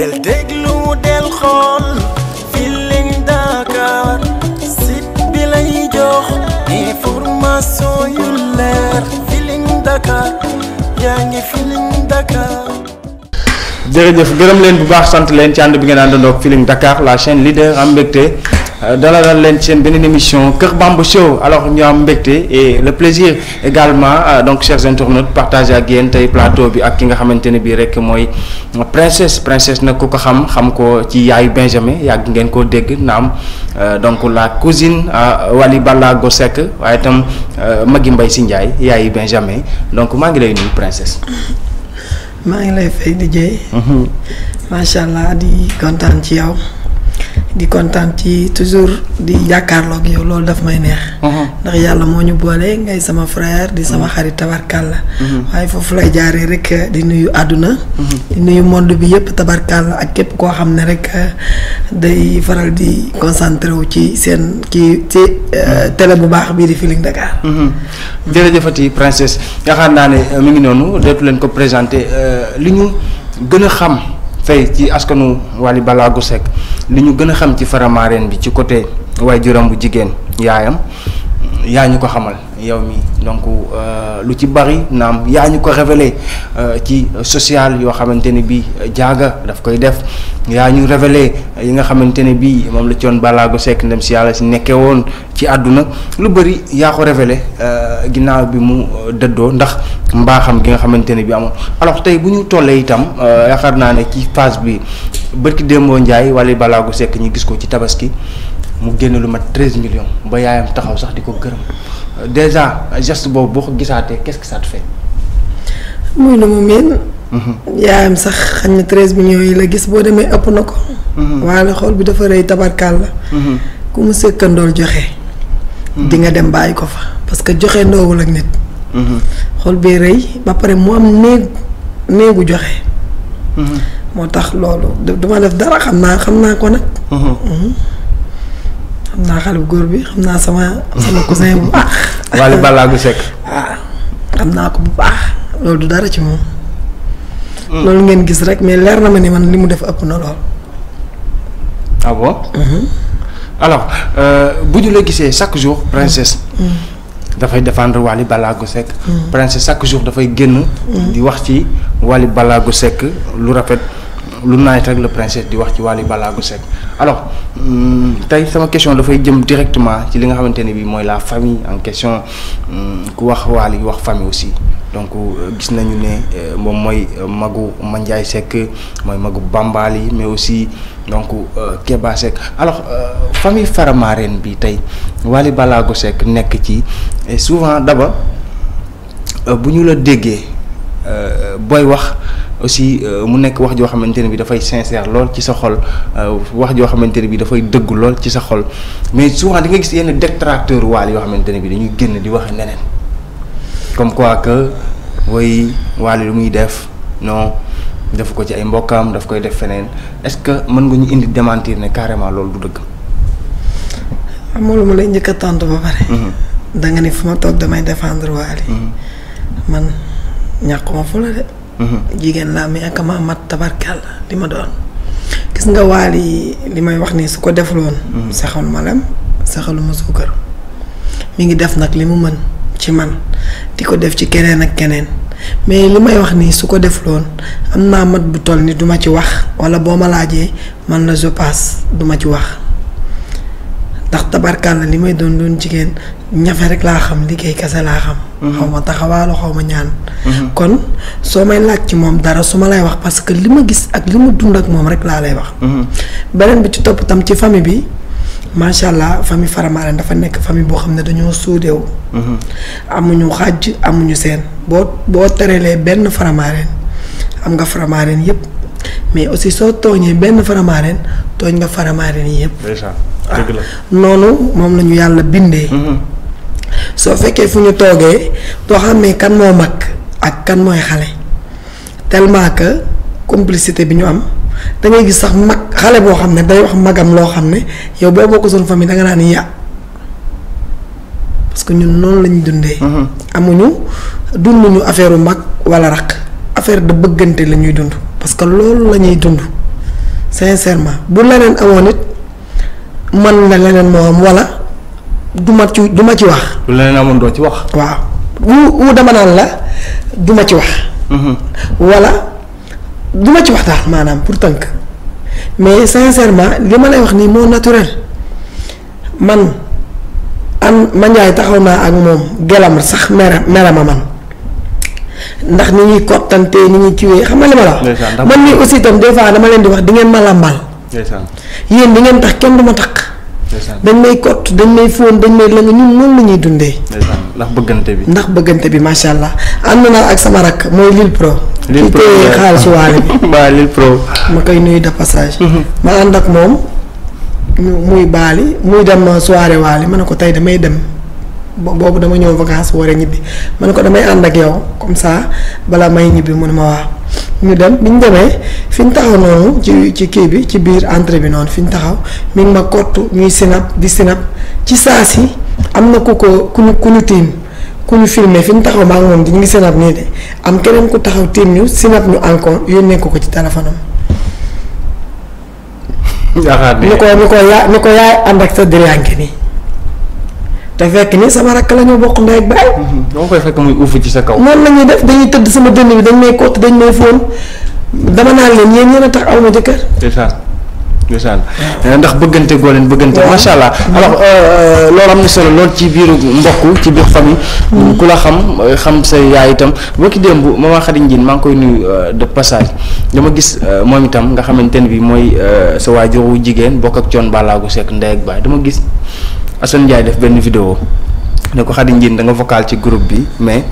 del déglu del xool Feeling Dakar site bi lay jox information yu leer Feeling Dakar yaa ngi Feeling Dakar. jërëjëf gërëm leen bu baax sant leen ci ànd bi ngeen àndandoo ak Feeling Dakar la chaîne leader am dalal leen seen beneen émission Kër Bamba Show alors ñu am mbégte et le plaisir également euh, donc chers internautes partage ak yéen tey plateau bi ak ki nga xamante ne bii rek mooy princesse princesse na ku ko xam xam ko ci yaayu Benjamin yàgg ngeen koo dégg naam euh, donc la cousine euh, wali Ballago Seck waaye tam itam Maggy Mbaye si Ndiaye yaayu Benjamin donc maa ngi lay nuyu princesse. maa ngi lay fay di jëy. Mhm. macha allah di kontaan ci yow. di kontaan ci toujours di jàkkaarloo yow loolu dafa may neex. Uh-huh. ndax yàlla moo ñu boole ngay sama frère di sama uh-huh. xarit tabarkàlla. Uh-huh. waaye foofu lay jaaree rek uh, di nuyu àdduna. di nuyu monde bi yëpp la ak képp koo xam ne rek uh, day faral di concentré wu ci seen ci ci uh, tele bu baax bii di Feeling Dakar. jërëjëfati princesse yaakaar naa ne mu ngi noonu dootu leen ko présenté li ñu gën a xam. fay ci askanu bala gu Seck li ñu gën a xam ci Faramareen bi ci côté waajuram bu jigéen yaayam yaa ñu ko xamal yow mi donc euh, lu ci bari naam yaa ñu ko révélé euh, ci sociale yoo xamante ne bi jaaga euh, daf koy def yaa ñu révélé yi nga xamante ne bii moom la ci balaa balaago sekk ndem si yàlla si nekkee woon ci àdduna lu bëri yaa ko révélé ginnaaw bi mu dëddoo ndax mbaaxam ki nga xamante ne bii amoon alors tey bu ñu tollee itam yaakaar naa ne ci phase bi bërki démboo Ndiaye balaa balaago sekk ñu gis ko ci tabaski mu génn lu mat treize million ba yaayam taxaw sax di ko gërëm. déjà geste boobu boo ko gisaatee qu'est-ce que ça te fait. muy lu mu mel. Mhm. yaayam sax xam ne treize millions yi la gis boo demee ëpp na ko. Mhm. waaye xool bi dafa rëy tabarkaal la. Mhm. ku mu sëkkandool joxe. di nga dem bàyyi ko fa parce que joxe ndoowul ak nit. xool bi rëy ba pare mu am néegu néegu joxe. moo tax loolu duma def dara xam naa xam naa ko nag. xam naa xale bu góor bi xam naa sama. sama cousin bu baax. Wally Ballago Seck. Ah, xam naa ko bu baax loolu du dara ci moom. Hmm. loolu ngeen gis rek mais leer na ma ni man li mu def ëpp na lool. ah bon. Mhm. Euh, bu ñu la gisee chaque jour princesse. Hmm. Hmm. dafay défendre Wally Ballago Seck. princesse chaque jour dafay génn. di wax ci Wally Ballago Seck lu rafet. lu naay rek le princesse di wax ci Wally Ballago Seck alors tey sama question dafay jëm directement ci li nga xamante ne bii mooy la famille en question ku wax Wally wax famille aussi donc euh, gis nañu ne euh, moom mooy euh, magu Mandiaye Seck mooy magu Bambaali mais aussi donc Keba Seck alors famille Faramareen bi tey Wally Ballago Seck nekk ci souvent daba bu ñu la déggee booy wax. aussi euh, mu nekk wax joo xamante ne bi dafay sincère lool ci sa xol euh, wax joo xamante ne bi dafay dëgg lool ci sa xol mais souvent di nga gis yenn détracteur waal yoo xamante ne bi dañuy génn di wax neneen comme quoi que woy waali lu muy def non def ko ci ay mbokkaam daf koy def feneen est-ce que mën nga ñu indi démentir ne carrément loolu du dëgg. amul ah, mu lay njëkk a tontu ba pare. Mhm. da nga ni fu ma toog damay défendre waali mhm. man ñàkkuma fu de. jigéen laa mais ak ma mat tabarkal di ma doon gis nga waal yi li may wax nii su ko defuloon mhm. saxal ma lem saxalu ma kër mi ngi def nag li mu mën ci man di ko def ci keneen ak keneen mais li may wax nii su ko defuloon am naa mat bu toll ni duma ci wax wala boo ma laajee man la je passe duma ci wax ndax tabarkaan li may doon doon jigéen ñafe rek laa xam liggéey kese laa xam. Mhm. xaw ma taxawaalu xaw ma ñaan. Mhm. kon soo may laaj ci moom dara su ma lay wax parce que li ma gis ak li ma dund ak moom rek laa lay wax. Mhm. beneen bi ci topp tam ci famille bi macha allah famille Faramareen dafa nekk famille boo xam ne dañoo suudeewu. amuñu xàjj amuñu seen boo boo terelee benn Faramareen am nga Faramareen yépp mais aussi soo tooñee benn faramaareen tooñ nga faramaareen yi yëpp. Ah. dëgg la noonu moom la ñu yàlla bindee. Mm-hmm. soo fekkee fu ñu toogee doo xam ne kan moo mag ak kan mooy xale tellement que complicité bi ñu am da ngay gis sax mag xale boo xam ne day wax magam loo xam ne yow boo bokk son famille da nga naan ya parce que ñun noonu la ñu dundee. Mm-hmm. amuñu dunduñu affaire u mag wala raq affaire de bëggante la ñuy dund. parce que loolu la ñuy dund sincèrement bu leneen amoon it man la leneen moo walla wala ma ci du ma ci wax. bu leneen amoon doo ci wax. waaw wu wu dama la duma ci wax. Mhm. walla du ma ci wax daal maanaam pour tënk mais sincèrement li ma lay wax nii moo naturel man an ma Ndiaye taxaw naa ak moom gelam sax mera mera ma man. ndax ni ñuy kottante ni ñuy kiiwee xam nga li ma la man nii aussi itam des fois dama leen di wax di ngeen ma làmbaal. yéen di ngeen tax kenn du ma takk. dañ may kott dañ may fóon dañ may lëng ñun noonu la ñuy dundee. ndax bëggante bi. ndax bëggante bi macha allah ànd naa ak sama rakk mooy Lille Pro. Lille Pro ma koy nuyu de passage. Mm-hmm. ma ànd ak moom muy baali muy dem soirée waale ma ne ko tey damay dem. boobu dama ñëw vacances war a ñibbi man ko damay ànd ak yow comme ça balaa may ñibbi mu ne ma ñu dem bi demee fi ñu taxaw noonu ci ci kii bi ci biir entrée bi noonu fi ñu taxaw mi ma kottu ñuy sinap di sinap ci saa si am na ku ko ku ñu ku ñu tiim ku ñu fi ñu taxaw maa ngi moom di ngi sinap nii de am keneen ku taxaw tiim ñu sinap ñu encore yónnee ko ko ci téléphone am. yaakaar ni ko ni ko yaa ni ko yaay ànd ak sa diriyànke nii. te fekk ni sama rakk la bokk ndey ak baay. Mhm. dama koy fekk muy uuf ci sa kaw. noonu la def dañuy tëdd sama dënn bi dañ may kott dañ may fóon dama naan leen a tax aw ma jëkkër. ndeysaan eh, ndeysaan ndax bëggante goo leen bëggante. macha allah mm-hmm. alors euh, euh, am na solo lool ci biiru mbokk ci biir famille. Mm-hmm. ku la xam euh, xam sa yaay itam boo ki démb maman maa ngi koy nuyu de passage dama gis moom itam nga xamante ne bii mooy sa wu jigéen bokk ak coon Balago Seck ndey ak baay dama gis. Assane Ndiaye def benn vidéo ne ko Khady Ndiène da vocal ci groupe bi mais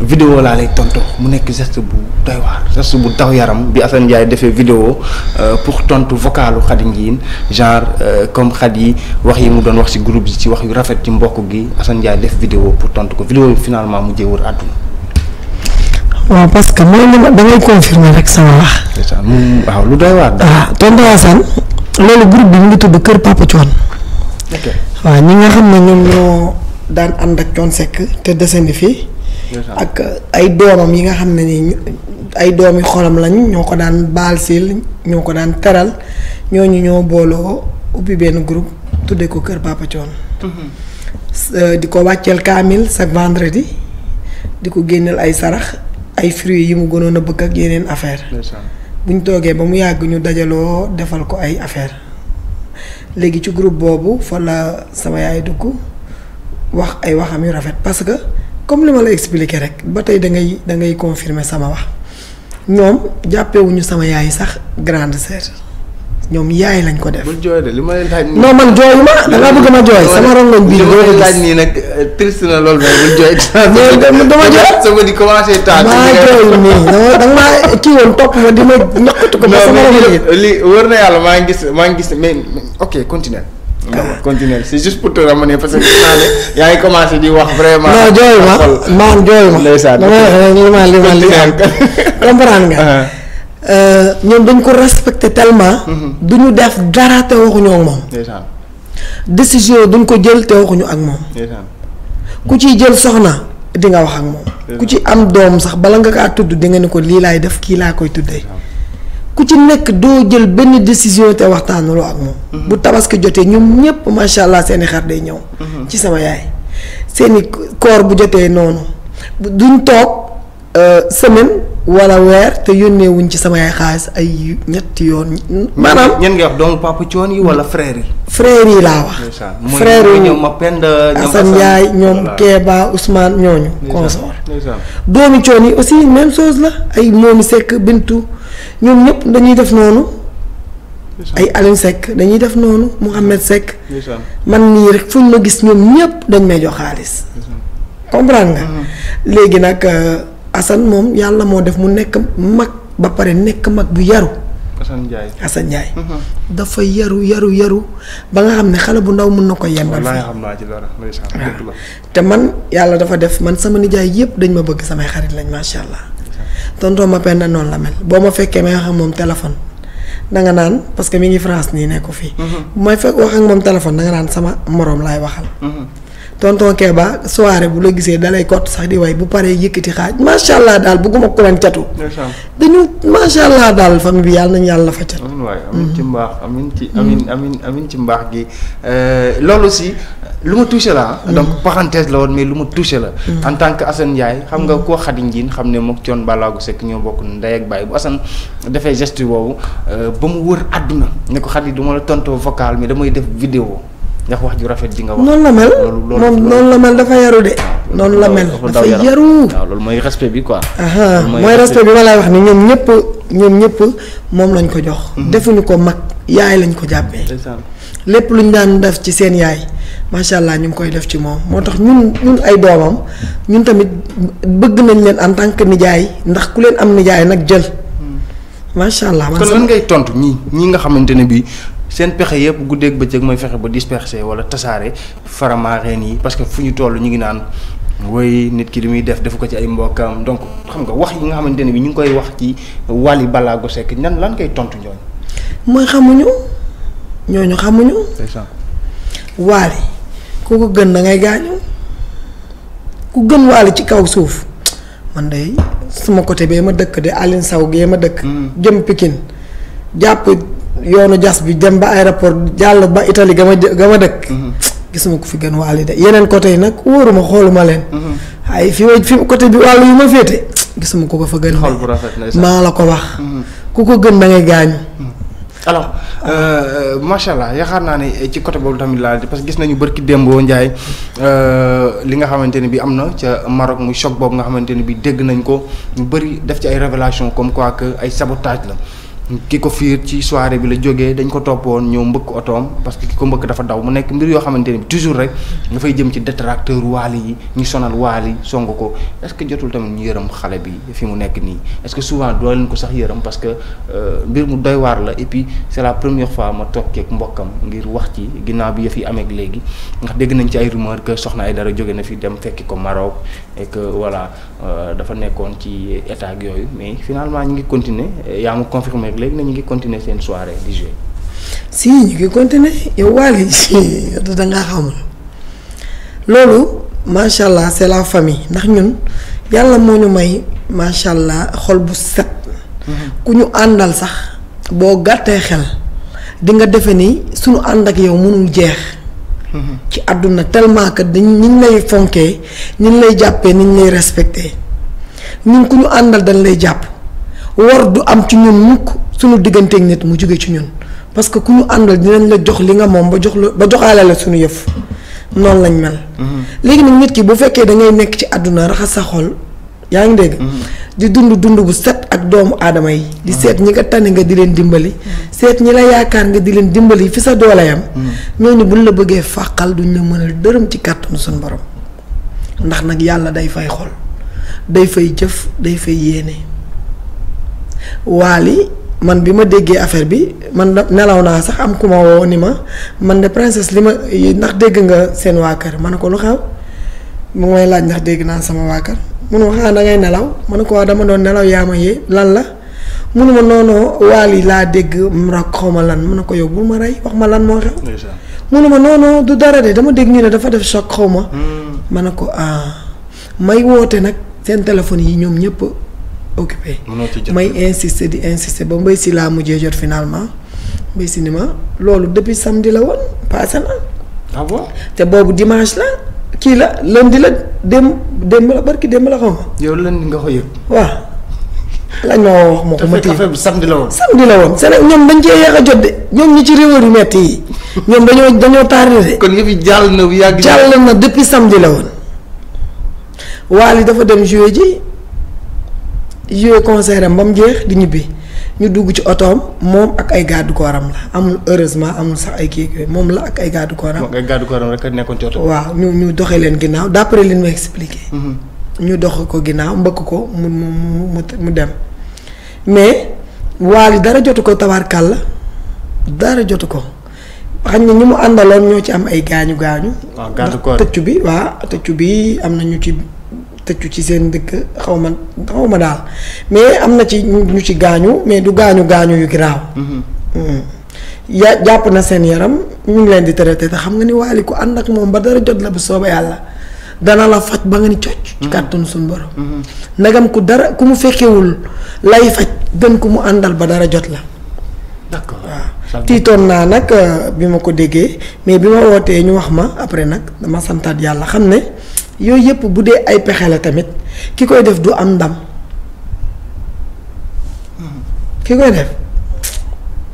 vidéo laa lay tontoo mu nekk geste bu doy waar geste bu tax yaram bi Assane Ndiaye defee vidéo euh, pour tontu vocalu Khady Ndiène genre euh, comme Khady wax yi mu doon wax ci groupe bi ci wax yu rafet ci mbokk gi Assane Ndiaye def vidéo pour tontu ko vidéo bi finalement mu jéewër àdduna. waaw parce que mooy li ma da ngay rek sama wax. lu doy waar. waaw ah, tonton Assane loolu groupe bi mu ngi tudd Kër waaw ñi nga xam ne ñoo daan ànd ak Thione Seck te dese fii. ak euh, ay doomam yi nga xam ne nii ay doomi xolam lañ ñoo ko daan baal sil ñoo ko daan teral ñoo ñi ñoo booloo ubbi benn group tuddee ko Kër Papa Thione. Mhm. Euh, di ko wàcceel kaamil chaque vendredi di ko génneel ay sarax ay fruits yi mu gënoon a bëgg ak yeneen affaire buñ toogee ba mu yàgg ñu dajaloo defal ko ay affaire léegi ci groupe boobu fa sama yaay dugg wax ay waxam yu rafet parce que comme li ma la expliqué rek ba tey da ngay da ngay confirmer sama wax ñoom jàppewuñu sama yaay sax grande sœur ñoom yaay lañ ko def. bul jooy de li ma leen taaj. non man jooyu ma da ngaa bëgg ma jooy. sama rongoñ bii boo ko gis nii nag euh, triste na lool mais bul jooy. mais dama jooy sama di commencé taa. maa jooy nii dama dama kii woon topp ma di ma ñaqatu ko. ba sama rongoñ li wër na yàlla maa ngi gis maa ngi gis mais ok continue. d'accord ah. continuer c'est juste pour te ramener parce que gis naa ne yaa ngi commencé di wax vraiment. non jooyu ma man jooyu ma. ndeysaan dama li ma li ma comprendre nga. Ah. Euh, ñoom dañ ko respecté tellement. Mhm. du ñu def dara te waxuñoo ak moom. décision duñ ko jël te waxuñu ak moom. ku ciy jël soxna di nga wax ak moom. ku ci am doom sax bala nga kaa tudd di nga ne ko lii laay def kii laa koy tuddee. ku ci nekk doo jël benn décision te waxtaanuloo ak moom. Mhm. bu tabaski jotee ñoom ñëpp macha allah seen xar day ñëw. Mhm. ci sama yaay seen koor bu jotee noonu duñ toog euh, semaine. wala weer te yónnee wuñ ci samay xaalis ay ñetti yoon. maanaam ñen nga wax donc papa coon yi wala frère yi. frère yi laa wax. frère yi ñoom Mapenda ñoom Assane Ndiaye ñoom Kéba Ousmane ñooñu. consort doomi coon yi aussi même chose la ay moomi sekk bintu ñoom ñëpp dañuy def noonu. ay Alioune Seck dañuy def noonu Mouhamed sekk man nii rek fuñ ma gis ñoom ñëpp dañ may jox xaalis. comprendre nga. Mm-hmm. léegi nag. Euh, Assane moom yàlla moo def mu nekk mag ba pare nekk mag bu yaru. Assane Ndiaye Assane Ndiaye. Mhm. dafa yaru yaru yaru ba nga xam ne xale bu ndaw mun na ko yembal. wallaahi xam naa ci dara te man yàlla dafa def man sama nijaay yëpp dañ ma bëgg samay xarit lañ macha allah. tonton ma penn noonu la mel boo ma fekkee may wax ak moom téléphone danga naan parce que mi ngi France nii nekku fii. bu mhm. may fekk wax ak moom téléphone danga naan sama moroom laay waxal. Mhm. tonton Keba soirée bu la gisee dalay kott sax di way bu paree yëkkati xaaj macha allah daal bëgguma ko leen catu. dañu macha allah daal famille bi yàlla nañu yàlla fa cat. amiin waay amiin ci mm-hmm. mbaax amiin ci mm-hmm. amiin amiin amiin ci mbaax gi euh, loolu si lu ma touché la mm-hmm. donc parenthèse la woon mais lu ma touché la. en tant que Assane xam nga koo xadiñ jiin xam ne mook coon balaagu sekk ñoo bokk ndey ak baay bu Assane dafay geste boobu euh, ba mu wër àdduna ne ko xadi du ma la tontoo vocal mais damay def vidéo. ndax wax ju rafet ji nga wax. noonu la mel moom noonu la mel dafa yaru de. noonu la mel dafa yaru. waaw loolu mooy respect bi quoi. mooy respect bi ma lay wax ni ñoom ñëpp ñoom ñëpp moom lañ ko jox. Mhm. defuñu ko mag yaay lañ ko jàppee. lépp lu ñu daan def ci seen yaay macha allah ñu ngi koy def ci moom moo tax ñun ñun ay doomam ñun tamit bëgg nañ leen en tant que nijaay ndax ku leen am nijaay nag jël. Mhm. macha allah kon lan ngay tontu ñi ñi nga xamante ne bii seen pexe yëpp guddeeg bëccëg mooy fexe ba disperser wala tasaare faramaareen yi parce que fu ñu toll ñu ngi naan woy nit ki li muy def defu ko ci ay mbokkam donc xam nga wax yi nga xamante ne bi ñu ngi koy wax ci Wally Ballago Seck nan lan koy tontu ñooñu. mooy xamuñu ñooñu xamuñu. Wally ku ko gën da ngay gaañu ku gën Wally ci kaw suuf man de sama côté bee ma dëkk de Aline Sow gee ma dëkk. Mm. jëm Pikine jàpp. yoonu jas bi dem ba aéroport jàll ba Italie ga ma ga ma dëkk. Mhm. gisuma ko fi gën waali de yeneen côté yi nag wóoruma xooluma leen. Mhm. ay fi ma fi côté bi wàllu yu ma féete gisuma ko ko fa gën. xool bu rafet maa la ko wax. Mhm. ku ko gën da gaañu. alors euh, euh, macha allah yaakaar naa ne euh, ci côté boobu tamit laa parce que gis nañu bërki démboo Ndiaye li nga xamante ne bi am na ca Maroc muy choc boobu nga xamante ne bi dégg nañ ko ñu bëri def ci ay révélation comme quoi ak ay sabotage la. ki ko fiir ci soirée bi la jógee dañ ko toppoon ñëw mbëkk otoom parce que ki ko mbëkk dafa daw mu nekk mbir yoo xamante ni toujours rek fay jëm ci détracteur waali yi ñu sonal waali song ko est-ce que jotul tamit ñu yërëm xale bi fi mu nekk nii est que souvent doo leen ko sax yërëm parce que euh, mbir mu doy waar la et puis c'est la première fois ma tokkeek mbokkam ngir wax ci ginnaaw bi yëf fi amee léegi ndax dégg nañ ci ay rumeur que soxna ay dara jóge na fi dem fekki ko Maroc et que voilà euh, dafa nekkoon ci état yooyu mais finalement ñu ngi continuer yaa ma confirmé léegi na ñu ngi continuer seen soirée di jouer. si ñu ngi continuer yow Waly da ngaa xamul loolu macha allah c'est la famille ndax ñun yàlla moo ñu may macha allah xol bu set. Mm-hmm. ku ñu àndal sax boo gàttee xel di nga defe ni suñu ànd ak yow mënul jeex. ci àdduna tellement que dañ niñ lay fonkee niñ lay jàppee niñ lay respecté ñun ku ñu àndal dañ lay jàpp war du am ci ñun mukk suñu digganteeg nit mu jóge ci ñun parce que ku ñu àndal dinañ la jox li nga moom ba jox la ba joxaale la suñu yëf noonu lañ man mm-hmm. léegi nag nit ki bu fekkee da nekk ci àdduna raxas sa xol yaa ngi dégg. Mm-hmm. di dund dund bu set ak doomu aadama yi. di mm. seet ñi nga tane nga di leen dimbali. Mm. seet ñi la yaakaar nga di leen dimbali fi sa doole yam. Mm. ñooñu buñ la bëggee fàqal duñ la mën a dërëm ci kàttanu suñu borom. ndax nag yàlla day fay xol day fay jëf day fay yéene. waali man bi ma déggee affaire bi man da nelaw naa sax am ku ma woo ni ma man de princesse li ma ndax dégg nga seen waa kër ma ne ko lu xew mu may laaj ndax dégg naa sama waa munuma xanaa da ngay nelaw man ko dama doon nelaw yaa ma yee lan la munuma noonoo waal yi laa dégg rak xaw ma lan mun na ko yow bul ma rey wax ma lan moo xew. munuma noonoo du dara de dama dégg ñu ne dafa def choc xaw ma. Hmm. ma ne ko ah. may woote nag seen téléphone yi ñoom ñëpp occupé. may insister di insister ba mbay si laa mujjee jot finalement mbay si ni ma loolu depuis samedi la woon passé na. Ah te boobu dimanche la. kii la lundi la démb démb la barki démb la xaw ma. yow lundi nga ko yëg. waaw. lañ wax moo ko ma téye affaire la woon. samedi ñoom dañ cee yàq a jot de ñoom ñi ci réewal yu metti yi ñoom dañoo dañoo tardé de. kon jàll na bu yàgg. jàll na depuis samedi la woon. Wally dafa dem jouer ji jouer concert am ba mu jeex di ñibbi. ñu dugg ci otoom moom ak ay garde corps-am la amul heureusement amul sax ay kii moom la ak ay garde corps-am. moom nekkoon ci oto waaw ñu ñu doxee leen ginnaaw d'après li ñu ma expliqué. Mhm. ñu dox ko ginnaaw mbëkk ko mu mu mu dem mais waali dara jotu ko tabarkàlla dara jotu ko xam nga ñi mu àndaloon ñoo ci am ay gaañu gaañu. Ah, waaw garde corps tëccu bi waaw tëccu bi am na ñu ci. tëccu ci seen dëkk xaw ma ma daal mais am na ci ñu ci gaañu mais du gaañu gaañu yu giraaw. Mm-hmm. Mm. ya jàpp na seen yaram ñu ngi leen di traité te xam nga ni waali ku ànd ak moom ba dara jot la bu sooba yàlla dana la faj ba nga ni cocc. ci mm-hmm. kàttanu suñu borom. Mm-hmm. ku dara ku mu fekkewul lay faj gën ku mu àndal ba dara jot la. d'accord waaw tiitoon naa nag euh, bi ma ko déggee mais bi ma wootee ñu wax ma après nag dama santaat yàlla xam ne. yooyu yëpp bu dee ay pexe la tamit ki koy def du am ndam ki koy def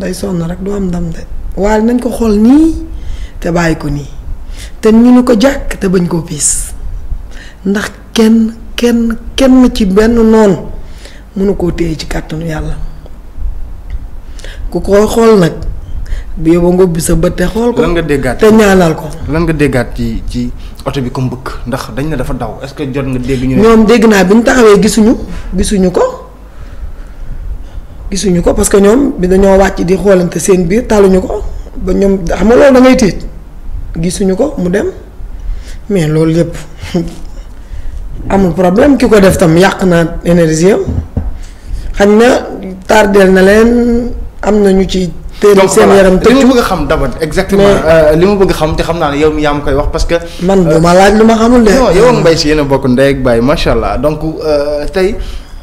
day sonn rek du am ndam de waaye nañ ko xool nii te bàyyi ko nii te ñu ni ko jàkk te bañ koo piis ndax kenn kenn kenn ci benn noonu mënu koo téye ci kàttanu yàlla ku koy xool nag bi yóbbu nga bi sa bët te xool ko lan nga déggaat te ñaanal ko lan nga déggaat ci oto bi ko bëgg ndax dañ ne dafa daw est-ce que jot nga dégg ñu. ñoom dégg naa bi ñu taxawee gisuñu gisuñu ko gisuñu ko parce que ñoom bi dañoo wàcc di xoolante seen biir taluñu ko ba ñoom xam nga loolu da tiit gisuñu ko mu dem mais loolu yëpp amul problème ki ko def tam yàq na énergie xam ne na tardeel na leen am na ñu ci. seen yaram tëj li ma bëgg a xam d'abord exactement euh, li ma bëgg xam te xam naa ne yow yaa ma koy wax parce euh, man du ma laaj lu ma xamul de. non yow ak Mbaye si yéen a bokk ndey ak baay macha allah donc euh, tey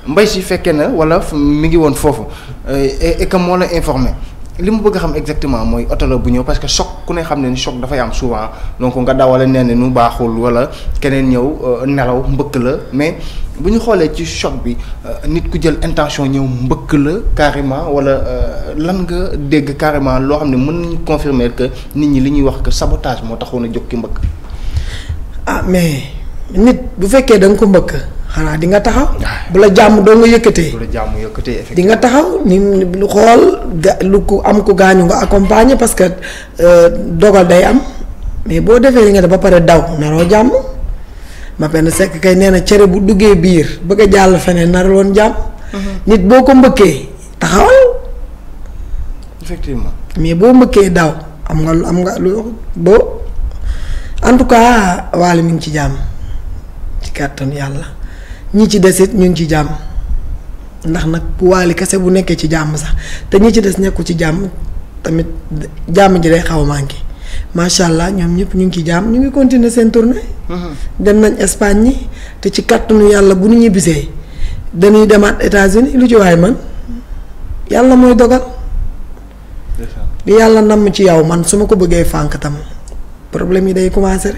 mbay si fekkee na wala mi ngi woon foofu et que moo la informé. li mu bëgg a xam exactement mooy oto bu ñëw parce que choc ku ne xam ne ni choc dafay am souvent donc nga dawale nee na nu baaxul wala keneen ñëw euh, nelaw mbëkk la mais bu ñu xoolee ci choc bi euh, nit ku jël intention ñëw mbëkk la carrément wala euh, lan nga dégg carrément loo xam ne mën nañu confirmer que nit ñi li ñuy wax que sabotage moo taxoon a jóg ki mbëkk. ah mais nit bu fekkee da nga ko mbëkk. xanaa di nga taxaw. Ah. bu la jàmm doo nga yëkkatee. bu di nga taxaw ni lu xool ga lu ko am ko gaañu nga accompagner parce que euh, dogal day am mais boo defee li nga def ba pare daw naroo jàmm. Mapenda Seck kay nee na cere bu duggee biir bëgg a jàll feneen nar woon jàmm. Mm-hmm. nit boo ko mbëkkee taxawal. mais boo mbëkkee daw am nga am nga lu boo en tout cas Wally mi ngi ci jàmm ci kàttan yàlla. ñi ci desit ñu ngi ci jàmm ndax nag waali kese bu nekkee ci jàmm sax te ñi ci des nekku ci jàmm tamit jàmm ji day xaw a manqué macha allah ñoom ñëpp ñu ngi ciy jàmm ñu ngi continuer seen tournée. Mhm. dem nañ Espagne ñi te ci kàttanu yàlla bu nu ñibbisee dañuy demaat États-Unis lu ci waay man yàlla mooy dogal. li yàlla namm ci yow man su ma ko bëggee fànq tam problème yi day commencé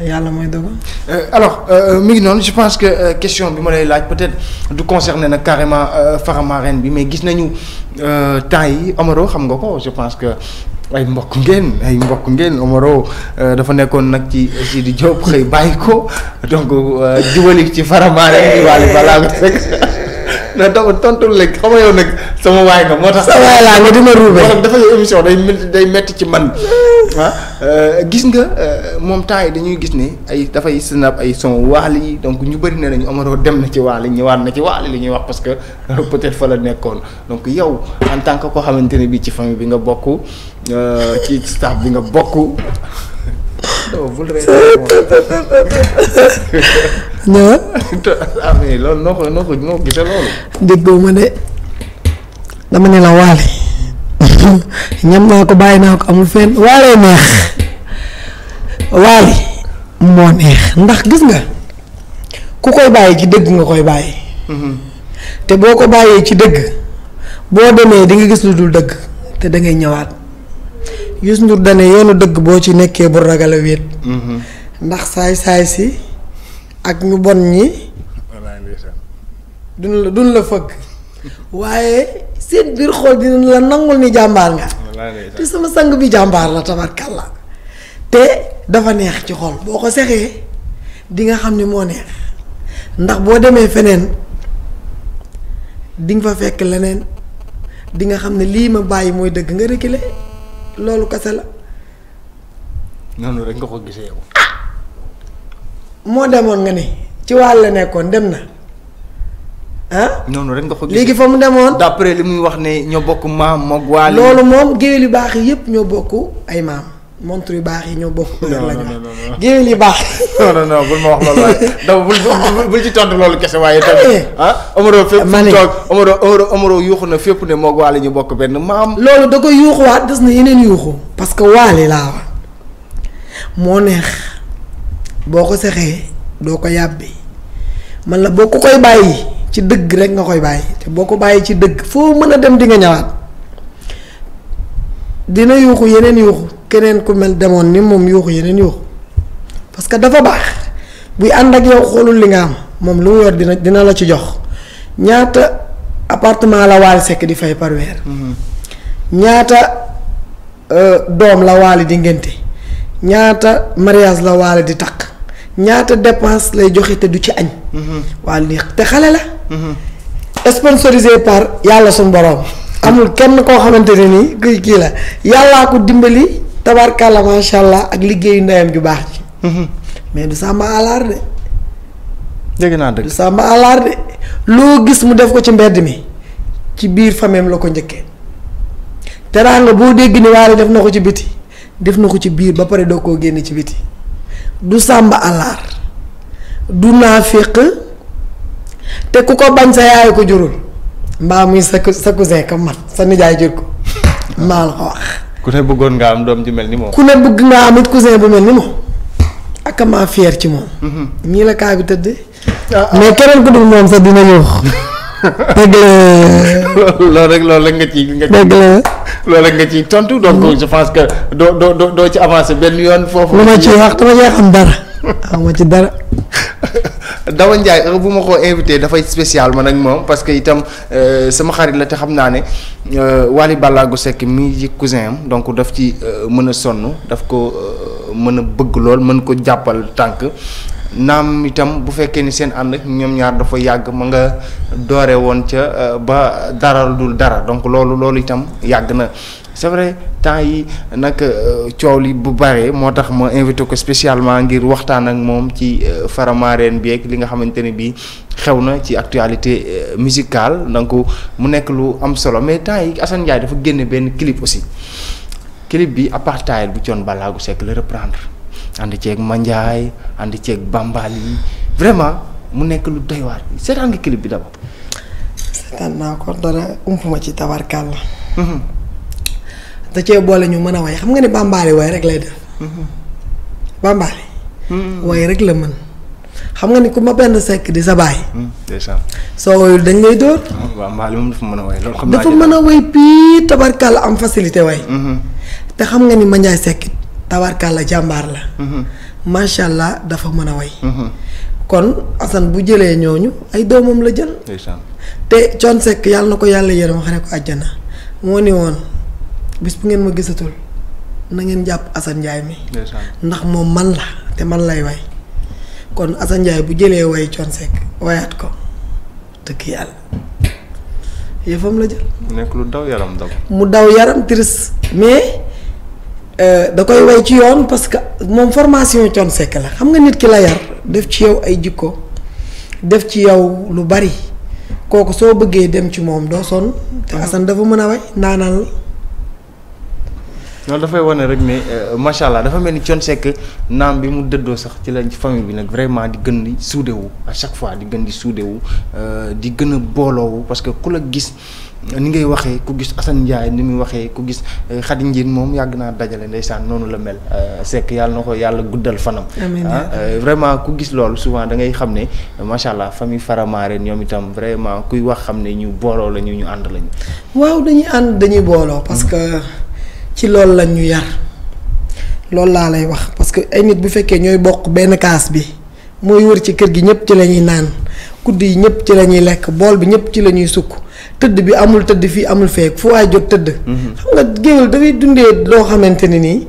yàlla mooy dogal. Euh, alors euh, euh, mi ngi noonu je pense que question bi ma lay laaj peut-être du concerner nag carrément Faramaren bi mais gis nañu temps yi Omaro xam nga ko je pense que ay mbokk ngeen ay mbokk ngeen Omaro dafa nekkoon nag ci Sidi Diop xëy bàyyi ko donc jubali ci Faramaren bi wàllu balaa nga na dama tontu léegi xam nga yow sama waay nga moo tax. sama waay nga di ma ruubee moo tax dafa émission day métti day métti ci man ah euh, gis nga euh, moom temps yi dañuy gis ne ay dafay snap ay son waal yi donc ñu bëri ne nañu Omaro dem na ci waal yi ñëwaat na ci waal li ñuy wax parce que peut-être fa la nekkoon donc yow en tant que koo xamante ne bii ci famille bi nga bokk euh, ci staff bi nga bokk. ñëwal. ah mais loolu noo ko noo ko noo loolu. déggoo ma de dama ne la waale ñam naa ko bàyyi naa ko amul fenn waalee neex waale moo neex ndax gis nga ku koy bàyyi ci dëgg nga koy bàyyi. Mm-hmm. te boo ko bàyyee ci dëgg boo demee di nga gis lu dul dëgg te da ngay ñëwaat gis Ndour dane yoonu dëgg boo ci nekkee bu ragal wéet. Mm-hmm. ndax saay saay si. ak ñu bon ñi duñ la duñ la fëgg waaye seen biir xool dinañ la nangul ni jàmbaar nga te sama sang bi jàmbaar la tabarkàlla te dafa neex ci xol boo ko sexee dinga xam ni moo neex ndax boo demee feneen dinga fa fekk leneen di nga xam ne lii ma bàyyi mooy dëgg nga reculer loolu kase la noonu rek nga ko gisee moo demoon nga ni ci wàll la nekkoon dem na ah. noonu rek ko gis léegi fa mu demoon. d'après li muy wax ne ñoo bokk maam moog waale. loolu moom géwél yu baax yi yëpp ñoo bokk ay maam montre yu baax yi ñoo bokk. non baax. non non non bul ma ci tontu loolu kese waaye eh, tamit. Eh. ah Omaro fépp fu na fépp ne mook waale ñu bokk benn maam. loolu da koy yuuxuwaat des na yeneen yuuxu. parce que waale laa wax moo neex. boo ko sexee doo ko yàbbi man la boo ko koy bàyyi ci dëgg rek nga koy bàyyi te boo ko bàyyi ci dëgg foo mën a dem di nga dina yuuxu yeneen yuuxu keneen ku mel demoon ni moom yuuxu yeneen yuuxu parce que dafa baax buy ànd ak yow xoolul li nga am moom lu mu yor dina dina la ci jox ñaata apartement la waal sekk di fay par mm-hmm. ñaata euh, doom la waali di ngénte ñaata mariage la waale di takk ñaata dépense lay joxe te du ci añ. Mm-hmm. waa lii te xale la. Mm-hmm. sponsorisé par yàlla suñu borom. amul kenn koo xamante ne nii kii la yàllaa ko dimbali tabarkalla macha allah ak liggéeyu ndeyam ju baax ci. Mm-hmm. mais du sàmm alaar de. dégg naa dëgg loo gis mu def ko ci mbedd mi ci biir fameem la ko njëkkee teraanga boo dégg ni waaye def na ko ci biti def na ko ci biir ba pare doo koo génne ci biti. du sàmba alaar du naafiq te ku ko bañ sa yaay ko jurul mbaa muy sa sa cousin ka mat sa nijaay jur ko maa la ko wax. ku ne bëggoon nga am doom ji mel ni moom. ku ne bëgg nga am it cousin bu mel ni moom ak maa fier ci moom. ñii mhm. la kaa bi tëdd. Ah, ah. mais keneen ku dul moom sax dina yuux. dëgg loolu loolu rek nga ci nga loolu nga ciy tontu donc mm-hmm. je pense doo doo doo ci avancé benn yoon. foofu lu ma ci wax dama cee xam dara xam nga ci dara. Dawa Ndiaye bu ma ko invité dafay spécial ma nag moom parce que itam euh, sama xarit la te xam naa ne euh, Wally Ballago Seck mi ji cousin am donc daf ci euh, mën a sonn daf ko mën a bëgg lool mën ko jàppal tànk naam itam bu fekkee ni seen ànd ñoom ñaar dafa yàgg ma nga doore woon ca euh, ba dara dul dara donc loolu loolu itam yàgg na c'est vrai temps yi nag euh, coow li bu bare moo tax ma invité ko spécialement ngir waxtaan ak moom ci euh, faramareen bi ak li nga xamante ne bii xew na ci actualité musicale donc mu nekk lu am solo mais temps yi Assane Ndiaye dafa génne benn clip aussi clip bi apartheid bu Thione Ballago Seck la reprendre. ànd ceeg Mandiaye ànd ceeg Bambal yi vraiment mu nekk lu doy waar seetaan nga clip bi d'abord. seetaan naa ko dara umpuma ci tabarkaal la. Mhm. da cee boole ñu mën a way xam nga ne Bambali way rek lay def. Mhm. Bambali. Mhm. way rek la mën. xam nga ni ku ma benn sekk di sa baay. soo woyul dañ lay dóor. Bambali moom dafa mën a way loolu xam dafa mën a way pii tabarkaal am facilité way. te xam nga ni Mandiaye sekk. tabarkalla jàmbaar la. Mhm. macha allah dafa mën a way. Mhm. kon Assane bu jëlee ñooñu ay doomam la jël. te Thione Seck yàlla na ko yàlla yërëm xare ko àjjana moo ni woon bis bu ngeen ma gisatul na ngeen jàpp Assane njaay mi. ndax moom man la te man lay way kon Assane Ndiaye bu jëlee way Thione Seck wayaat ko dëkk yàlla yëfam la jël. mu daw yaram triste mais. Euh, da koy euh, way ci yoon parce que moom formation Thione Seck la xam nga nit ki la yar def ci yow ay jikko def ci yow lu bari kooku soo bëggee dem ci moom doo sonn te uh-huh. Assane dafa mën a way naanaan la. dafay wane rek ne euh, macha allah dafa mel ni Thione Seck naam bi mu dëddoo sax ci la famille bi nag vraiment di gën di suudewu a chaque fois di gën di suudewu di gën a booloowu parce que ku la gis. ni ngay waxee ku gis Assane Ndiaye ni muy waxee ku gis eh, Khady njiit moom yàgg naa dajale saan noonu la mel eh, sekk yàlla na ko yàlla guddal fanam ah eh, vraiment ku gis loolu souvent da ngay xam ne macha allah famille Faramareen ñoom itam vraiment kuy wax xam ne ñu booloo la ñu ñu ànd lañu waaw dañuy ànd dañuy booloo parce que ci loolu lañ ñu yar loolu laa lay wax parce que ay nit bu fekkee ñooy bokk benn kaas bi mooy wër ci kër gi ñëpp ci la ñuy naan kudd yi ñëpp ci la ñuy lekk bool bi ñëpp ci la ñuy sukk tëdd bi amul tëdd fii amul feek fu waay jot tëdd. Mhm. xam nga géwél dafay dundee loo xamante ne nii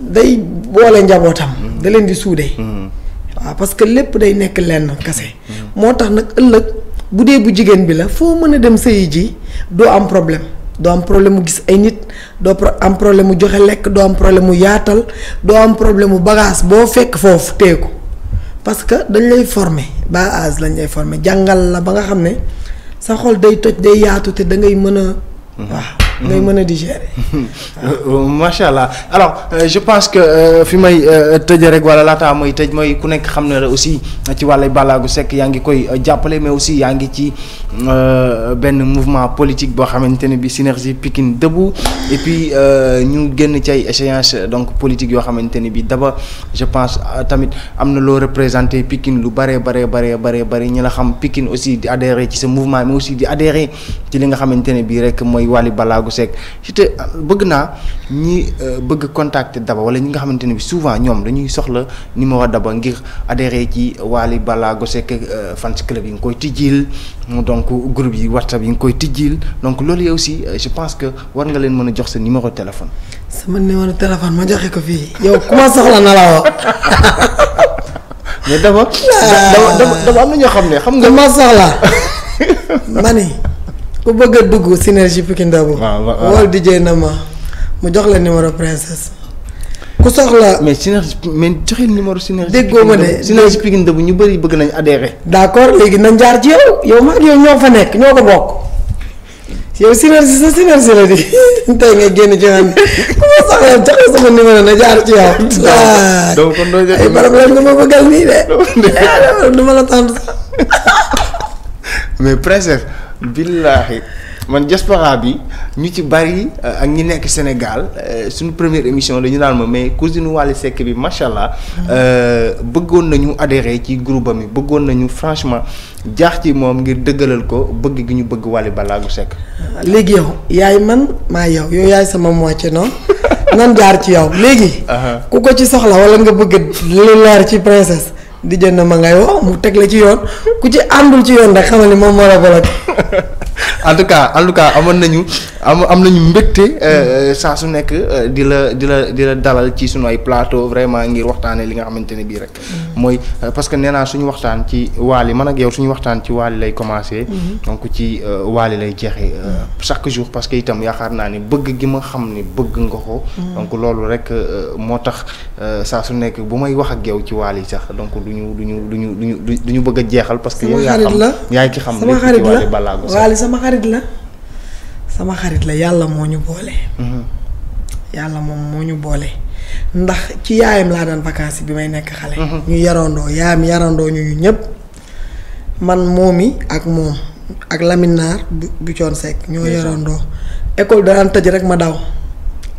day boole njabootam. Mhm. da leen di suudee. Mhm. waaw parce que lépp day nekk lenn kase. moo tax nag ëllëg bu dee bu jigéen bi la foo mën a dem sëyi ji doo am problème. doo am problème mu gis ay nit doo problème mu joxe lekk doo am problème mu yaatal doo am problème mu bagage boo fekk foofu téye ko parce que dañ lay ba âge lañ lay former jàngal la ba nga xam ne sa xol day toj day yaatu te da ngay mën a mm-hmm. waaw ngay mën a digérer. Euh, macha allah alors euh, je pense que euh, fi may tëjee rek wala laataa mooy tëj mooy ku nekk xam na la aussi ci wàllay balaagu sekk yaa ngi koy jàppale mais aussi yaa ngi ci benn mouvement politique boo xamante ne bi synergie Pikine Debout et puis ñu génn ci ay échéance donc politique yoo xamante ne bi daba je pense tamit am na loo représenté Pikine lu bare bare bare bare bare ñi la xam Pikine aussi di adhéré ci sa mouvement mais aussi di adhéré ci li nga xamante ne bii rek mooy wàlli balaagu Seck te bëgg naa ñi euh, bëgg contacter Daba wala ñi nga xamante ne bi souvent ñoom dañuy soxla numéro Daba ngir adhérer ci balaa Ballago Seck euh, fans club yi nga koy tijjil donc groupe yi WhatsApp yi nga koy tijjil donc loolu yow aussi euh, je pense que war nga leen mën a jox sa numéro téléphone. sama numéro téléphone ma joxe ko fii yow ku ma soxla na la woo mais ah. Daba. Daba Daba am na ñoo xam ne xam nga. ma soxla ma ku bëgg a dugg synergie Pikine Ndabo. waaw na ma DJ mu jox la numéro princesse. ku soxla mais synergie mais joxe numéro synergie. déggoo ma de synergie Pikine Ndabo ñu bëri bëgg nañ adhéré. d' léegi na jaar ci yow yow maag yow ñoo fa nekk ñoo ko bokk. yow synergie sa synergie la di tey nga génn ci man ku ma soxla joxe sama numéro na jaar ci yow. Ah. barab la nga ma bëggal nii de. du ah, la tontu sax. billaahi man diaspora bi ñu ci bari ak ñi nekk Sénégal eh, suñu première émission la ñu naan ma mais cousine Wally Seck bi macha allah eh, bëggoon nañu adhérer ci groupe am yi bëggoon nañu franchement jaax ci moom ngir dëggalal ko bëgg gi ñu bëgg balaa Ballago Seck. léegi yow yaay man maa yow yow yaay sama moitié noonu nan jaar ci yow léegi. ku ko ci soxla wala nga bëgg li leer ci princesse. di jënd ma ngay woo mu teg la ci yoon ku ci àndul ci yoon rek xamal ni moom moo la bloqué en tout cas en amoon nañu am am nañu mbégte euh, euh, saa su nekk euh, di la di la di la dalal ci suñu ay plateau vraiment ngir waxtaanee li nga xamante ne bii rek. Mm-hmm. mooy parce que nee naa suñu waxtaan ci waali man ak yow suñu waxtaan ci waali lay commencé. Mm-hmm. donc ci waali lay jeexee mm-hmm. chaque jour parce que itam yaakaar naa ni bëgg gi ma xam ni bëgg nga ko. donc loolu rek moo tax saa su nekk bu may wax ak yow ci waali sax donc du ñu du ñu du ñu du ñu bëgg a jeexal. parce que yow yaa xam yaay ki xam sama xarit la sama xarit la yàlla moo ñu boole. Mhm. yàlla moom moo ñu boole ndax ci yaayam laa daan vacances bi may nekk xale. Mhm. ñu yarandoo yaayam yarandoo ñu ñu ñëpp man moomi ak moom ak Lamine bu bu coon Seck ñoo yarandoo école daan tëj rek ma daw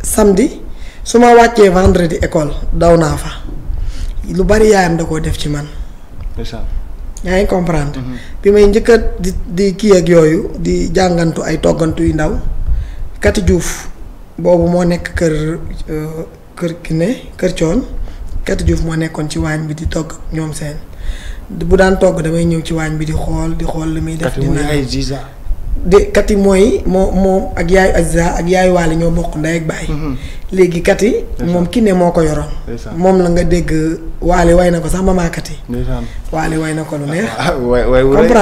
samdi su ma wàccee vendredi école daw naa fa lu bari yaayam da koo def ci man. yaa ngi comprendre. bi may njëkk di di kii ak yooyu di jàngantu ay toggantu yu ndaw kati juuf boobu moo nekk kër euh, kër Kiné kër Coon kati juuf moo nekkoon ci waañ bi di togg ñoom seen bu daan togg damay ñëw ci waañ bi di xool di xool li muy def. dina ay de kati mooy moo moom ak yaayu Aziza ak yaay Waly ñoo bokk ndey ak baay. Mhm. léegi kati moom ki ne moo ko yoroon. moom la nga dégg Waly way na ko sax maman kati. Waly way na ko lu neex. Ah, way way wu rëy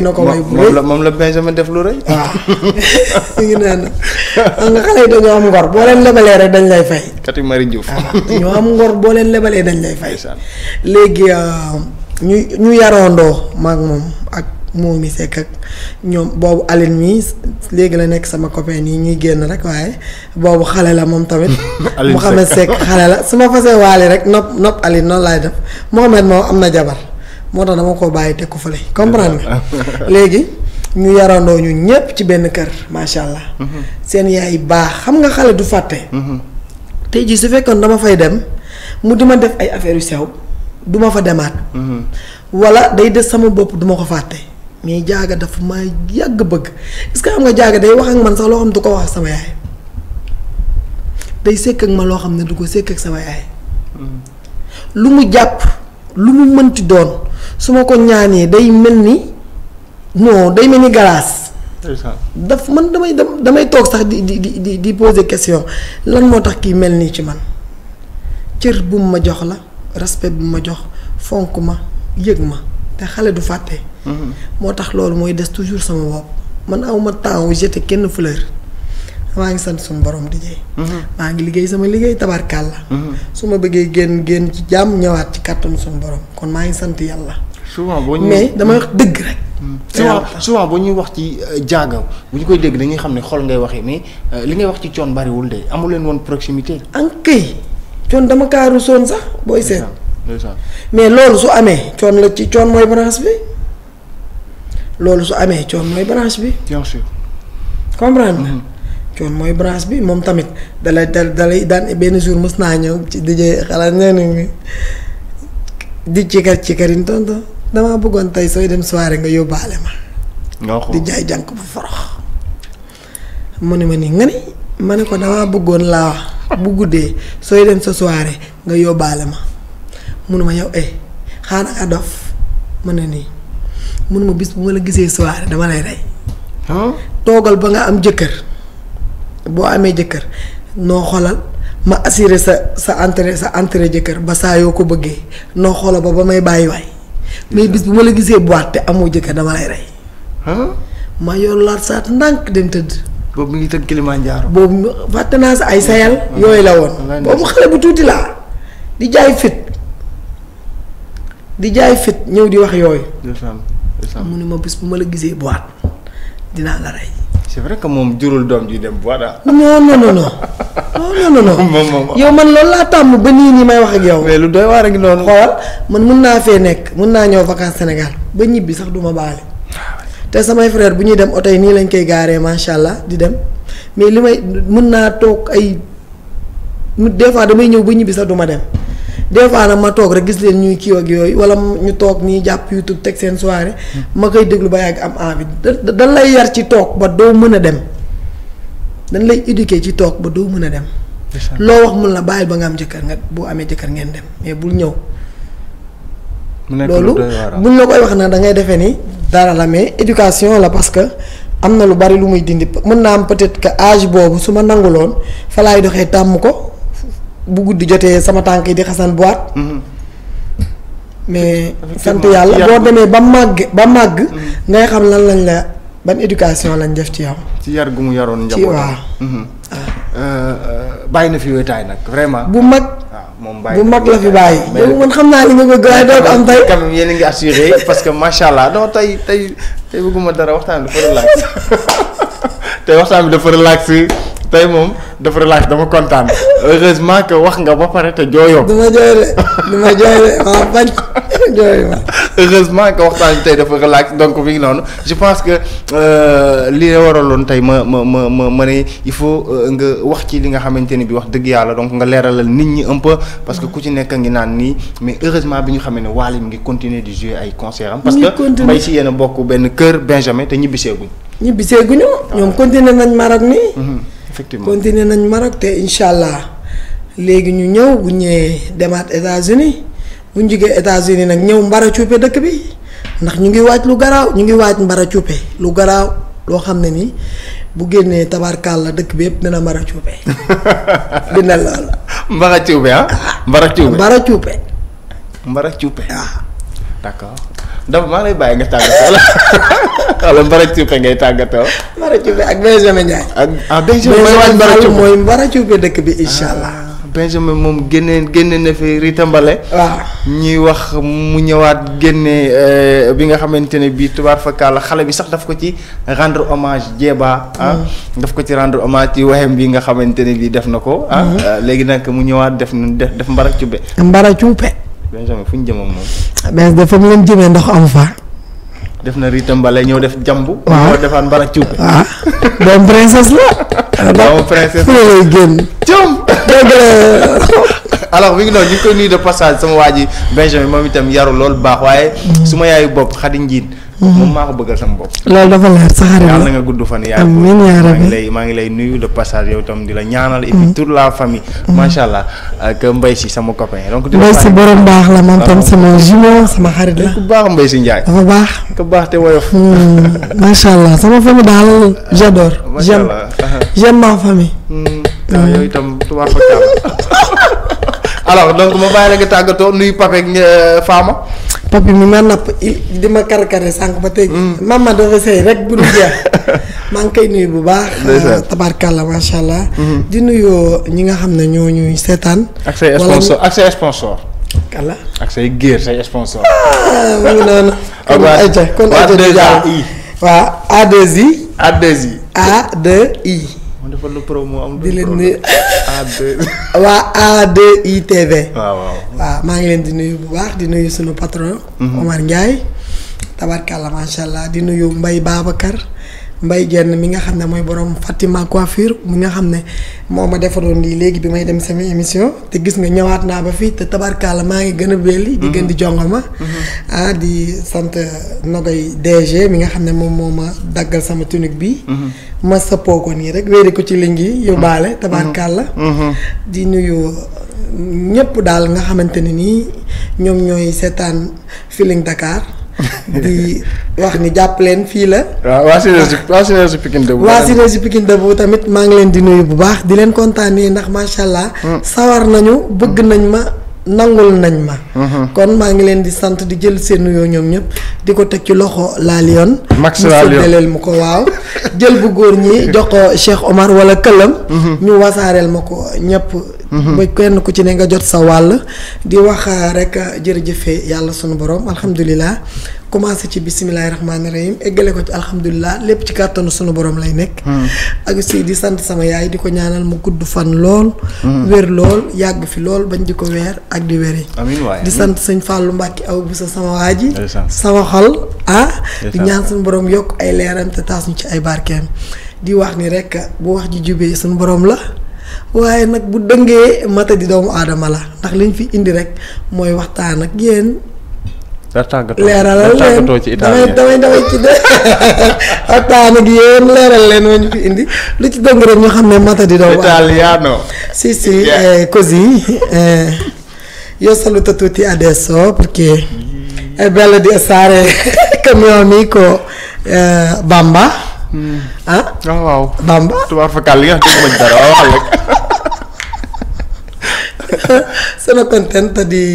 na ko way bu la Benjamin def lu rëy. waaw mi ngi naan xam nga xale yi dañoo am ngor boo leen lebalee rek dañ lay fay. kati Marie Diouf. dañoo ah, am ngor boo leen lebalee dañ lay fay. léegi euh, ñu ñu yaroondoo maag moom ak. moo mi sekk ak ñoom boobu alin mii léegi la nekk sama copain yi ñuy génn rek waaye boobu xale la moom tamit Mouhamed Seck xale la su ma fasee waale rek nopp nopp Aline noonu laay def Mouhamed moom am na jabar moo tax dama koo bàyyi teg ko fële comprendre nga léegi ñu yarandoo ñu ñépp ci benn kër macha allah. Mhm. seen yaay baax xam nga xale du fàtte mhm. tey jii su fekkoon dama fay dem mu di ma def ay affaires yu sew du ma fa demaat mhm. wala day des sama bopp duma ko fàtte mais jaaga daf ma yàgg bëgg est-ce que xam nga jaaga day wax ak man sax loo xam du ko wax sama yaay day sekk ak ma loo xam ne du ko sekk ak sama yaay lu mu jàpp lu mu mënti doon su ma ko ñaanee day mel ni non day mel ni galaas daf man damay dem damay toog sax di di di di poser question lan moo tax kii mel nii ci man cër bu ma jox la respect bu ma jox fonk ma yëg ma te xale du fàtte moo tax loolu mooy des toujours sama bopp man aw ma temps wu kenn fleur maa ngi sant suñ borom di jëy mhm. maa ngi liggéey sama liggéey tabarkaal la mhm. su ma bëggee génn génn ci jàmm ñëwaat ci kàttanu suñu borom kon maa ngi sant yàlla. souvent boo ñu mais damay wax dëgg rek. Mhm. souvent boo ñuy wax ci euh, jaaga bu ñu koy dégg dañuy xam ne xol ngay waxee mais euh, li ngay wax ci coon bariwul de amu leen woon proximité. en kay coon dama kaaru soon sax booy seet. mais loolu su amee coon la ci coon mooy branche bi. loolu su amee coon mooy branche bi. bien sûr. comprendre nga. Mm-hmm. coon mooy branche bi moom tamit dalay dalay daan benn jour mës naa ñëw ci DJ xalaat nee nañu di cikar cikarin tonton damaa bëggoon tey sooy dem soirée nga yóbbaale ma. di jaay jànk bu forox. mu ne ma ni nga ni ma ne ko damaa bëggoon laa wax bu guddee sooy dem sa soirée nga yóbbaale ma mu ne ma yow eh xaaral a dof ma ne nii. mënuma bis bu ma la gisee soirée dama lay rey. toogal ba nga am jëkkër boo amee jëkkër noo xolal ma assuré sa sa entrée sa entrée jëkkër ba saa yoo ko bëggee noo xoolal ba ba may bàyyi waay mais bis bu ma la gisee boite te amoo jëkkër dama lay rey. ma yor laat saat ndànk dem tëdd. boobu mi ngi tëdd Kilimanjaro. boobu fàtte naa sa ay sayal. yooyu la woon boobu xale bu tuuti laa di jaay fit di jaay fit ñëw di wax yooyu. Ah, mu ne ma bis bu ma la gisee boîte dinaa la rey. c'est vrai que moom jurul doom ji dem boîte ah. non non non non non non non yow man loolu laa tàmm ba nii nii may wax ak yow. lu doy waar ak noonu. xool man mun naa fee nekk mun naa ñëw vacances Sénégal ba ñibbi sax du ma baale. te samay frère bu ñuy dem oto yi nii lañ koy gaaree macha allah di dem mais li may mun naa toog ay des fois damay ñëw ba ñibbi sax du ma dem. des fois ma toog rek gis leen ñuy kii ak yooyu wala ñu toog nii jàpp YouTube teg seen soirée. ma koy déglu ba yàgg am envie da dañ lay yar ci toog ba doo mën a dem dañ lay éduquer ci toog ba doo mën a dem. loo wax mun la bàyyil ba nga am jëkkër nga boo amee jëkkër ngeen dem mais bul ñëw. loolu buñ la koy wax nag da ngay defee ni dara la mais éducation la parce que am na lu bari lu muy dindi mën naa am peut-être que âge boobu su ma nanguloon fa laay doxee tàmm ko. bu guddi jotee sama tànk yi di xasan boîte mm-hmm. mais sant yàlla boo demee ba màgg ba màgg mm-hmm. ngay xam lan lañ la ban éducation lañ def ci yow ci yar gu mu yaroon njaboot ci mm-hmm. ah. euh, na fi wéetaay nag vraiment bu mag ah, bu mag la fi bàyyi yow xam naa li nga bëgg waaye doo am tey quand même yéen a ngi assuré parce que macha allah non tey tey tey bëgguma dara waxtaan bi dafa relax te waxtaan bi dafa relax tey moom dafa relax dama kontaan heureusement que wax nga ba pare te jooyoo. du ma jooyle du ma jooyle ma bañ jooy ma. heureusement que waxtaan bi tey dafa relax donc mi ngi noonu je pense que euh, li la waraloon tey ma ma ma ma ma ne il faut euh, nga wax ci li nga xamante ni bi wax dëgg yàlla donc nga leeralal nit ñi un peu parce que ku ci nekk ngi naan nii mais heureusement bi ñu xamee ne Wally mi ngi continuer di jouer ay concert am. parce que mbay si yéen a bokk benn kër Benjamin te ñibbiseeguñ. ñibbiseeguñu ah. ñoom continuer nañ Maroc nii. effectivement continuer nañ Maroc te incha allah léegi ñu ñëw bu ñëwee demaat États-Unis bu ñu jugee États-Unis nag ñëw mbara cuupe dëkk bi ndax ñu ngi waaj lu garaaw ñu ngi waaj mbara cuupe lu garaaw loo xam ne nii bu génnee tabarkaal la dëkk bi yëpp dina mbara cuupe dina loolu. mbara cuupe ah? ah. mbara cuupe mbara cuupe. mbara cuupe. waaw ah. dafa maa lay bàyyi nga tàggatoo wala Mbara Cuppe ngay tàggatoo. Mbara Cuppe ak Benjamin Ndiaye. ak ah Benjamin mooy dëkk bi ah, incha allah. moom génne génne na fi Rita ñuy wax mu ñëwaat génne euh, bi nga xamante ne bii tubaar fakkaal la xale bi sax daf ko ci rendre hommage Jeeba. ah mm-hmm. daf ko ci rendre hommage ci waxem bi nga xamante ne bii def na ko. ah mm-hmm. euh, léegi nag mu ñëwaat def def mbara cubbe mbara cubbe Benjamin fu ñu jëmam moom. mais dafa mu leen jëmee ndox amu fa. def na riitam mbala ñëw def jambu. waaw ñëw defaat mbala cuup. waaw ah. doom princesse la. doom princesse la lay génn. jëm dëgg la. alors mi ngi ñu koy nuyu de passage sama waa ji Benjamin moom itam yaru lool baax waaye. Mm. su ma yaayu bopp xadi njiit Mhm. moom maa ko bëggal sama bopp. loolu dafa leer sa xarit la yàlla yaa rabbi maa ngi lay maa ngi lay nuyu de passage yow tam di la ñaanal. et puis mhm. la famille. Mhm. macha allah ak mbay si sama copain. donc si borom baax la moom tam sama jumeau sama xarit la. ku baax mbay si Ndiaye. dafa baax. ku baax te woyof. Hmm. macha allah sama famille daal j'adore. macha allah j'aime j'aime alors donc moo bàyyi la nga tàggatoo nuyu Pape ak euh, Fama. Pape mi ma napp di ma kar kare sànq ba tey. maman dafa sëy rek bu dul jeex maa ngi koy nuyu bu baax. Ah, tabarkàlla macha allah. Mm-hmm. di nuyoo ñi nga xam ne ñoo ñuy seetaan. ak say sponsor ak say sponsor. kàlla ak say géer say sponsor. Ah, mu ngi noonu. kon ayca kon ayca di jàll. waa A2I. a 2 i mu defal lu di leen nuyu waa A2ITV. waaw waaw waaw maa ngi leen di nuyu bu baax di nuyu suñu patron. Mhm. Omar Ndiaye. tabarkalla macha allah di nuyu mbay Babacar. mbay genn mi nga xam ne mooy borom Fatima coiffure mi nga xam ne moo ma defaroon lii léegi bi may dem sama émission te gis nga ñawaat naa ba fii te tabarkaala maa ngi gën a belli di gën di mhm. jongoma mhm. ah di sant Nogoy DG mi nga xam ne moom moo ma daggal sama tunique bi mhm. ma sëppoo ko nii rek wéeri ko ci ligne yi yóbbaale tabarkaala di nuyu ñëpp daal nga xamante ne nii ñoom ñooy seetaan Feeling dakaar di wax ni jàpp leen fii la. waaw waa Synergie waa Synergie Pikine Debout. waa Synergie Pikine Debout tamit maa ngi leen di nuyu bu baax di leen kontaan kontaanee ndax macha allah. Hmm. sawar nañu bëgg hmm. nañ ma nangul nañ ma. Hmm. kon maa ngi leen di sant di jël seen nuyoo ñoom ñëpp di ko teg ci loxo La Lyon. Max La Lyon mu ko waaw. jël bu góor ñi jox ko Cheikh Omar wala këlam. ñu wasaareel ma ko ñëpp. muy mm-hmm. kenn ku ci ne nga jot sa wàll di wax uh, rek uh, jërëjëfe yàlla sunu borom alhamdulilah commencé ci bisimilahi rahmaani rahim eggale ko ci alhamdulilah lépp ci kàttanu sunu borom lay nekk mm-hmm. ak aussi di sant sama yaay di ko ñaanal mu gudd fan lool mm-hmm. wér lool yàgg fi lool bañ di ko weer ak di wéri di sant sëñ fàllu Mbacke aw bu sa sama waa ji sama xol ah di ñaan sunu borom yokk ay leeram te taas ñu ci ay barkeem di wax ni rek bu wax ji jubee sunu borom la waaye nag bu dëngee mata di doomu aadama la ndax liñ fi indi rek mooy waxtaan ak yéen. leeralal leen damay damay damay ci de leeral leen moo ñu fi indi lu ci dëng rek ñu xam ne mata di doomu italiano si si eh, così eh. io saluto tutti adesso perché è bello di stare come mio amico eh, Bamba ah. Oh, waaw waaw Bamba. tubaar fa kàll di,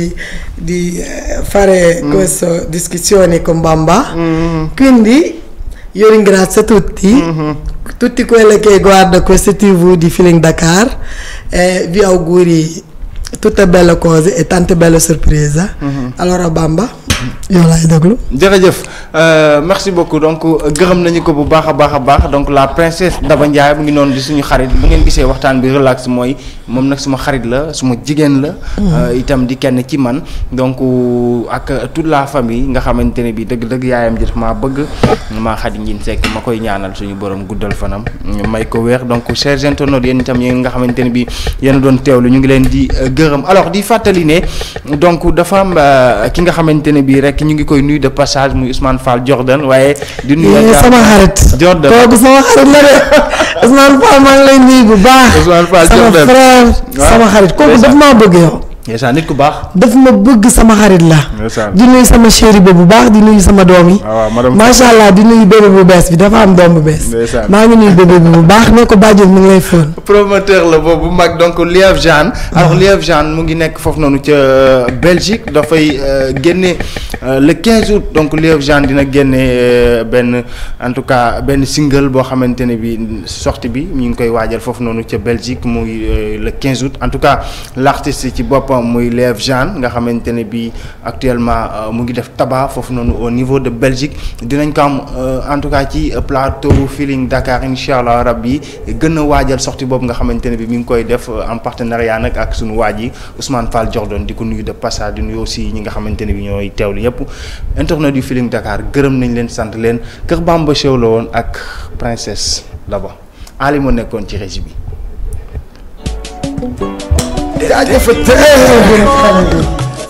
di eh, fare mm. discussione con Bamba. Mm. Quindi io ringrazio tutti, mm-hmm. tutti quelli che guardano queste TV di Feeling Dakar e vi auguri tutte belle cose e tante belle sorprese. Mm-hmm. yow laay déglu. jërëjëf euh, merci beaucoup donc gërëm nañu ko bu baax a baax a baax donc la princesse Daba Ndiaye mu ngi noonu di suñu xarit bu ngeen gisee waxtaan bi relax mooy moom nag suma xarit la suma jigéen la. Mm-hmm. Euh, itam di kenn ci man donc ak toute la famille nga xamante ne bii dëgg-dëgg yaayam ji daf maa bëgg maa Xadi Njiin Sekk ma koy ñaanal suñu borom guddal fanam may ko wéer donc chers internautes yéen itam yéen nga xamante ne bii yéen doon teewlu ñu ngi leen di euh, gërëm alors di fàttali ne bii rek ñu ngi koy nuyu de passage muy Ousmane Fall Jordan waaye. di nuyu sama xarit Jordan kooku sama xarit la de Ousmane Fall maa ngi lay nuyu bu baax. Ousmane Fall sama frère sama xarit kooku daf maa bëgg yow. ndeysaan nit ku baax. daf ma bëgg sama xarit la. di nuyu sama chéri ba bu baax di nuyu sama doom yi. Ah, macha allah di nuyu bébé bu bees bi dafa am doom bu bees. maa ngi nuyu bébé bi bu baax ne ko bàjjen mi ngi lay fóon. promoteur la boobu mag donc Liev Jeanne alors ah. Liev Jeanne mu ngi nekk foofu noonu ca euh, Belgique dafay euh, génne. Euh, le 15 août donc Lieu Jean dina génne euh, benn en tout cas benn single boo xamante ne bi sortie bi ñu ngi koy waajal foofu noonu ca Belgique muy euh, le 15 août en tout cas l' ci boppam muy Lieu Jean nga xamante ne bi actuellement mu ngi def tabac foofu noonu au niveau de Belgique dinañ ko am en tout cas ci plateau Feeling Dakar incha allah rabbi gën a waajal sortie boobu nga xamante ne bi mu ngi koy def en partenariat nag ak sunu waaj yi Ousmane Fall Jordan di ko nuyu ñi nga xamante ne bi ñooy teewlu ñëpp internet yu Feeling Dakar gërëm nañ leen sant leen Kër Bamba Show la woon ak princesse Daba Ali alimo nekkoon ci régie bi.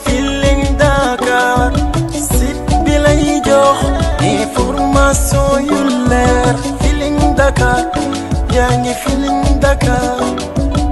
Feeling Dakar site bi lay jox information yu leer Feeling Dakar yaa ngi Feeling Dakar.